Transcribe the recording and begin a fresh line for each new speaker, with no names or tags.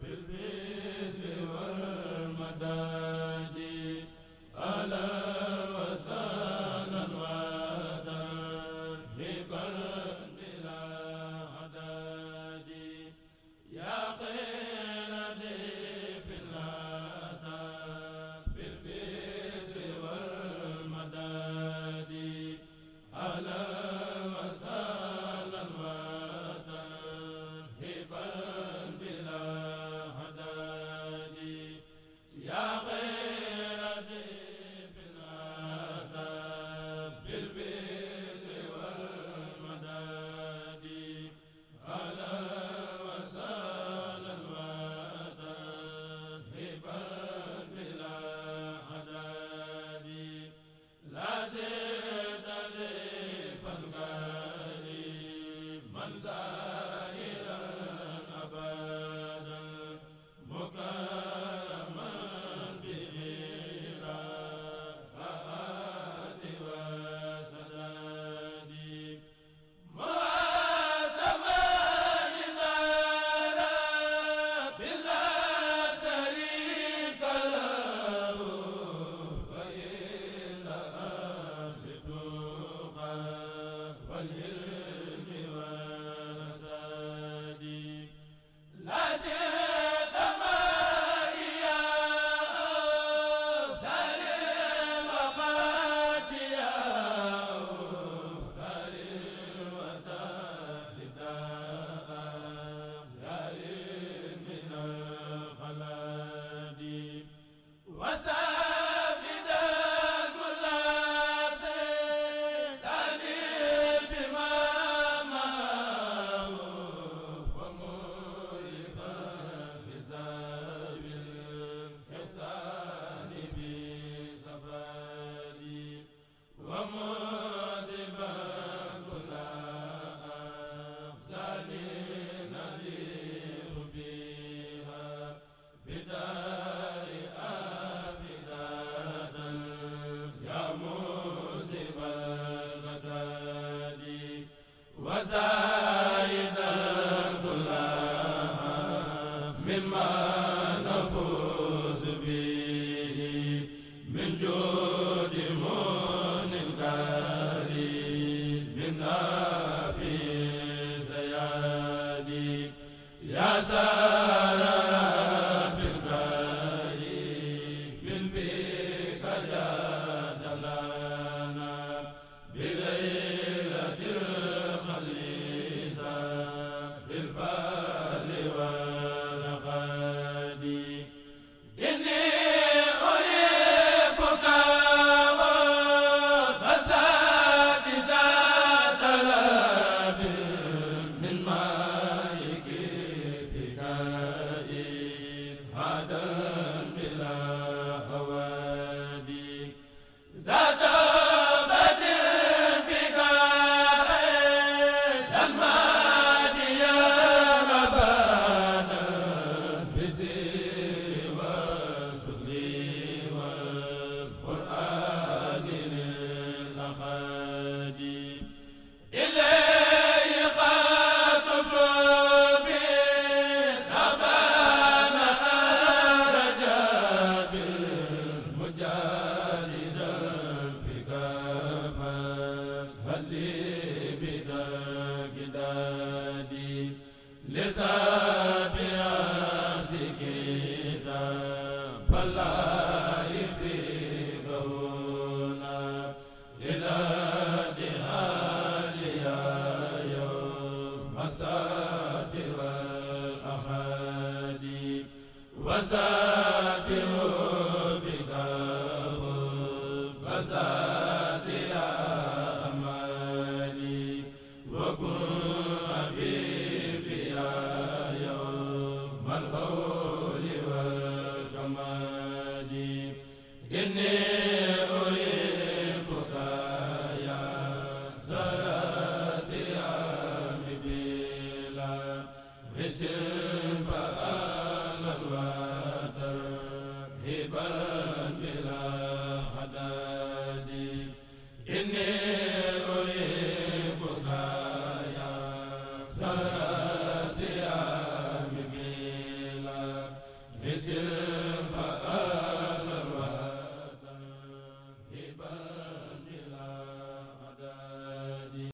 bil hasa waza génne